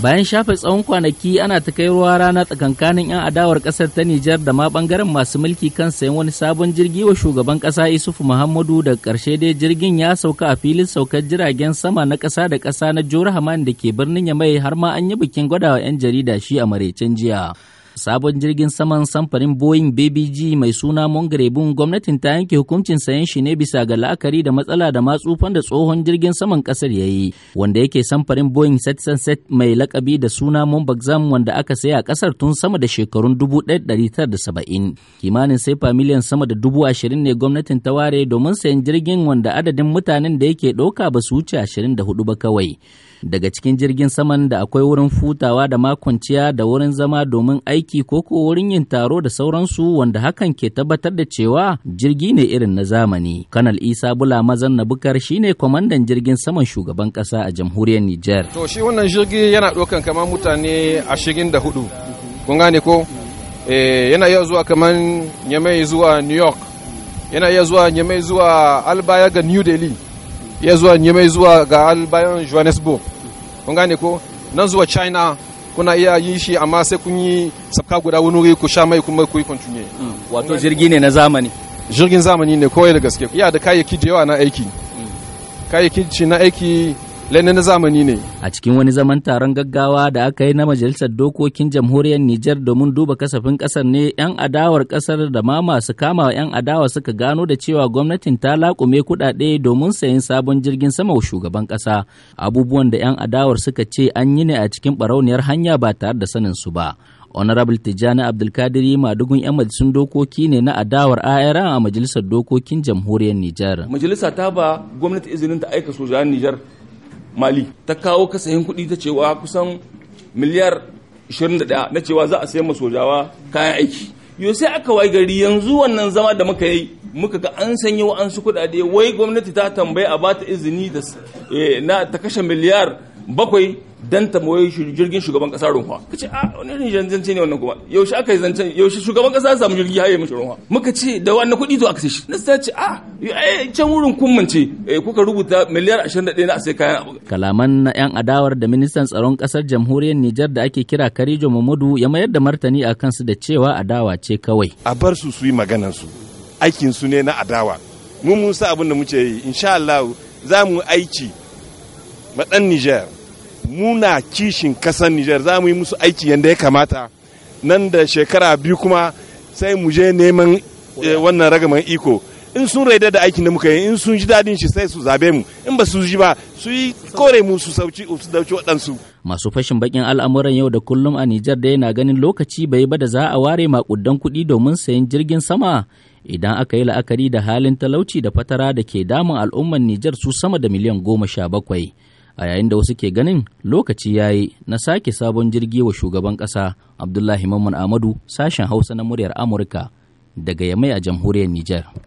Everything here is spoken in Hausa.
bayan shafe tsawon kwanaki ana ta kai ruwa rana tsakankanin 'yan adawar kasar ta Nijar da ma bangaren masu mulki kan sayan wani sabon jirgi wa shugaban kasa Isufu Muhammadu da karshe dai jirgin ya sauka a filin saukar jiragen sama na kasa da kasa na Jihar Haman da ke birnin Yamai har ma an yi bikin gwadawa 'yan jarida shi a maraicen jiya. Sabon jirgin saman samfarin Boeing BBG mai suna Mongrabin gwamnatin ta yanke hukuncin sayan shi ne bisa ga la'akari da matsala da matsufan da tsohon jirgin saman kasar ya yi, wanda yake samfarin Boeing 777 mai lakabi da suna Monbaxam wanda aka saya a kasar tun sama da shekarun 1970. Kimanin sai miliyan sama da dubu ashirin ne gwamnatin ta ware domin sayan jirgin wanda adadin mutanen da yake ɗauka ba su wuce ashirin da hudu ba kawai. Daga cikin jirgin saman da akwai wurin futawa da makonciya da wurin zama domin aiki aiki ko ko wurin yin taro da sauransu wanda hakan ke tabbatar da cewa jirgi ne irin na zamani. Kanal Isa Bula Mazan Nabukar shine kwamandan jirgin saman shugaban kasa a jamhuriyar Nijar. To shi wannan jirgi yana ɗaukan kamar mutane ashirin da hudu. Kun gane ko? Eh, yana iya zuwa kamar Nyamai zuwa New York. Yana iya zuwa Nyamai zuwa Albaya ga New Delhi. Iya zuwa Nyamai zuwa ga Albaya Johannesburg. Kun gane ko? Nan zuwa China kuna iya yin shi amma sai kun yi sabka guda wani wuri ku sha mai kuma ku yi continue mm. wato jirgi ne na zamani jirgin zamani ne kawai da gaske Ya da kayayyaki da yawa na aiki mm. kayayyaki na aiki lenin na zamani ne. A cikin wani zaman taron gaggawa da aka yi na Majalisar Dokokin Jamhuriyar Nijar domin duba kasafin kasar ne 'yan adawar kasar da ma masu kama 'yan adawa suka gano da cewa gwamnatin ta laƙume kudade domin sayin sabon jirgin sama wa shugaban kasa Abubuwan da 'yan adawar suka ce an yi ne a cikin barauniyar hanya ba tare da sanin su ba. honorable tijjani abdulkadiri madugun yan majalisun dokoki ne na adawar ayara a majalisar dokokin jamhuriyar nijar majalisa ta ba gwamnati izinin ta aika sojan nijar mali ta kawo kasayin kuɗi ta cewa kusan miliyar 21 na cewa za a sayan sojawa kayan aiki yau sai aka wai gari yanzu wannan zama da muka yi muka ga an sanya wa'ansu kuɗaɗe wai gwamnati ta tambaye a bata izini da eh, na ta kashe miliyar bakwai dan ta tamoyi jirgin shugaban kasa runwa kace a ah, wani ne zance ne wannan kuma yaushe aka yi zancen yaushe shugaban kasa samu jirgi haye mishi runwa muka ce da wannan kuɗi zo aka shi na sai ce a ah, can wurin kummance eh, kuka rubuta miliyar 21 na sai kayan kalaman na yan adawar da ministan tsaron kasar jamhuriyar Nijar da ake kira Karijo Muhammadu, ya mayar da martani a kansu da cewa adawa ce kawai a bar su su yi maganar su aikin su ne na adawa mun sa abin da muke yi insha Allah za mu aiki madan Nijar muna kishin kasan Nijar za mu yi musu aiki yadda ya kamata nan da shekara biyu kuma sai mu je neman eh, wannan ragaman iko in sun raida da aikin da muka yi in sun ji dadin shi sai su zabe mu in ba su ji ba su yi kore mu su sauci su dauki waɗansu. Masu fashin bakin al'amuran yau da kullum a Nijar da yana ganin lokaci bai ba da za a ware makudan kuɗi domin sayan jirgin sama idan aka yi la'akari da halin talauci da fatara da ke damun al'umman Nijar su sama da miliyan goma sha bakwai. a yayin da wasu ke ganin lokaci ya yi na sake sabon jirgi wa shugaban ƙasa abdullahi mamman amadu sashen hausa na muryar amurka daga yamai a jamhuriyar niger